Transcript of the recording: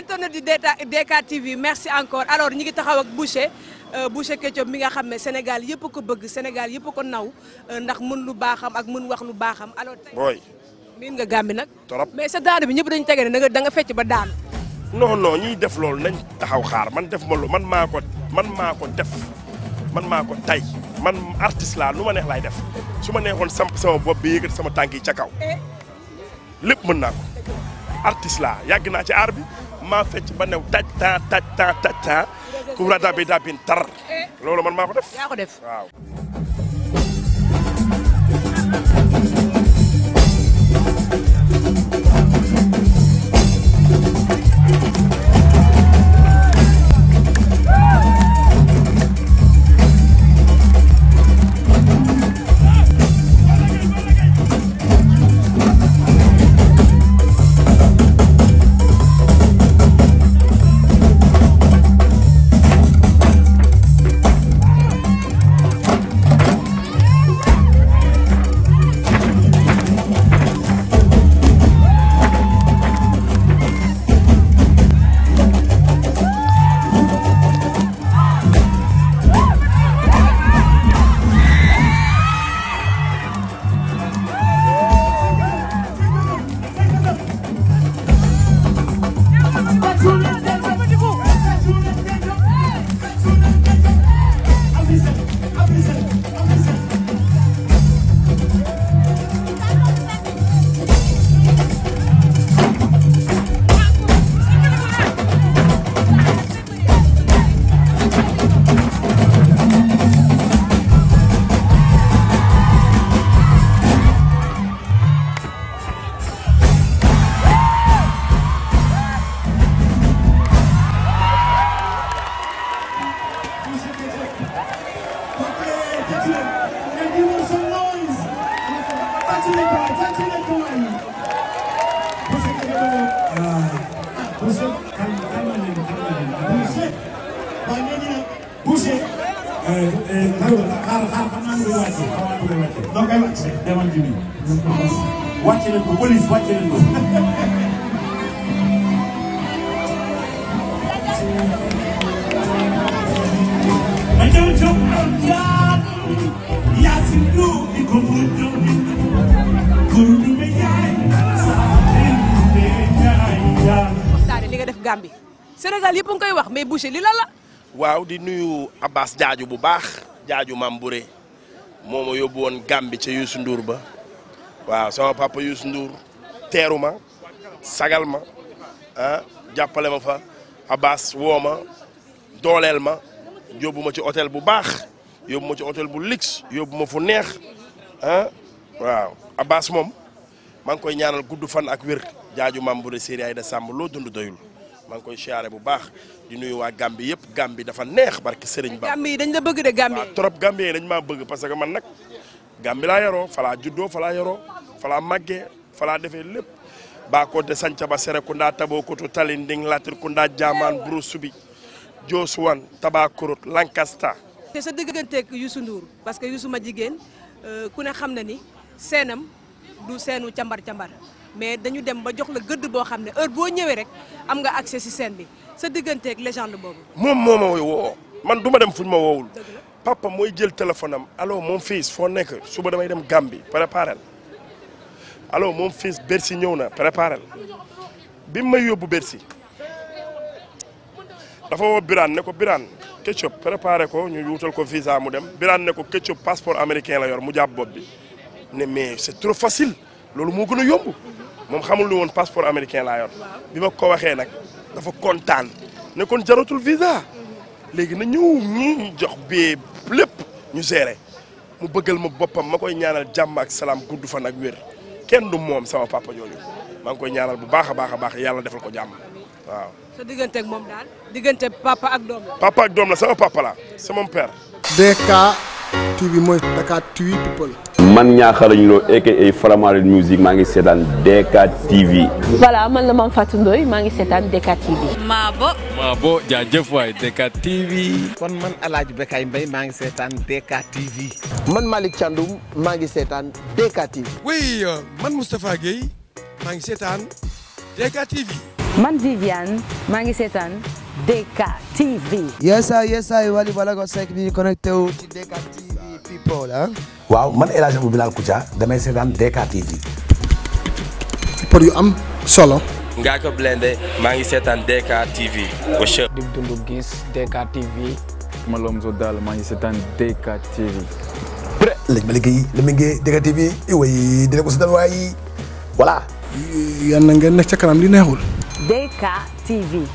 internet du DK TV merci encore alors ñi ngi taxaw ak Boucher euh, Boucher Ketchup mi nga xam ne Sénégal yëpp ko bëgg Sénégal yëpp ko naw euh, ndax mën lu baaxam ak mën wax lu baaxam alors. booy. miin nga gàmbi nag. trop mais sa daanu bi ñëpp dañu tege ne da nga fecc ba daanu. non non ñiy def loolu nañ taxaw xaar man def ma lu man maa ko man maa ko def man maa ko tay man artiste laa lu ma neex laay def su ma neexoon samp sama bopp bi yëkkati sama tànk yi ca kaw eh. lépp mën naa ko artiste laa yàgg naa ci aar bi. maa fecc ba new taj tan taj tan taj tan ku rada bi daa bin tar eh. loolu man maa ko def yaa ko def waaw Officer. wàcce leen ko police wàcce leen ko ma jëm jëm li nga Sénégal yëpp nga wax mais Boucher li waaw di nuyu Abbas jaaju bu baax jaaju maam Bouré moo ma yóbbu woon Gambie ca Youssou Ndour ba waaw sama papa Youssou Ndour teeru ma sagal ma ah, jàppale ma fa Abbas woo ma dooleel ci hôtel bu baax. yóbbu ma ci hôtel bu luxe yóbbu ma fu neex ah waaw Abbas moom maa ngi koy ñaanal gudd fan ak wér jaaju maam bu Serigne Aïda Samb loo dund doyul maa ngi koy siyaare bu baax di nuyu waa Gambie yëpp Gambie dafa neex barki Serigne Ba. Gambie dañ la bëgg de Gambie. trop Gambie dañ maa bëgg parce que man nag Gambie laa yaroo falaa juddoo fala yaroo falaa màggee falaa defee lépp. Bakote Sancaba Serekunda Tabokoto Talinding Latrikunda Jaman Burusubi Josuwan Tabakurut Lancaster te sa digganteeg Youssou Ndour parce que Youssou ma jigéen euh, ku ne xam na ni seenam du seenu cambar cambar mais dañu dem ba jox la gëdd boo xam ne heure boo ñëwee rek am nga accès si seen bi sa digganteeg légende boobu. moom moo ma woo man du dem fu ma woowul. papa mooy jël téléphone am allo mon fils foo nekk suba damay dem Gambie préparel allo mon fils Bercy ñëw na préparel bi mu may yóbbu Bercy dafa woo Birane ne ko Birane. ketchup préparé ko ñu wutal ko visa mu dem biraan ne ko ketchup passeport américain la yor mu jàpp bopp bi ne mais c'est trop facile loolu moo gën a yomb moom xamul lu woon passeport américain laa yor bi ma ko waxee nag dafa kontaan ne kon jaratul visa léegi na ñëw ñu jox bi lépp ñu gérer mu bëggal ma boppam ma koy ñaanal jàmm ak salaam gudd fan ak wér kenn du moom sama papa jooju maa ngi koy ñaanal bu baax a baax a baax yàlla defal ko jàmm waaw. sa diggante ak moom daal diggante papa ak doom la. papa ak doom la sama papa la sama père. DK TV man ñaaxarañ loo aka Faramaren musique maa ngi seetaan DK TV. voilà man la Mame Fatou Ndoye maa ngi seetaan DK TV. Maabo. Maabo jaajëf waay DK TV. kon man El Hadj Bekay Mbaye maa ngi seetaan DK TV. man Malick Thiandoum maa ngi seetaan DK TV. oui euh, man Moustapha Guèye maa ngi seetaan DK TV. man Viviane maa ngi seetaan DK TV. yes sir yes sir Wally Ballago Seck mi connecté wu ci DK TV people ah. waaw man El Hadj Abou Bilal Koutia damay seetaan DK TV. pour yu am solo. ngaa ko blende maa ngi seetaan DK TV. di dundu gis DK TV. Malomzo Dal maa ngi seetaan DK TV. pré lañ ma liggéey la ma liggéey DK TV iway dina ko seetaan waay voilà. yàlla na ngeen nekk ca kanam li neexul. DK TV.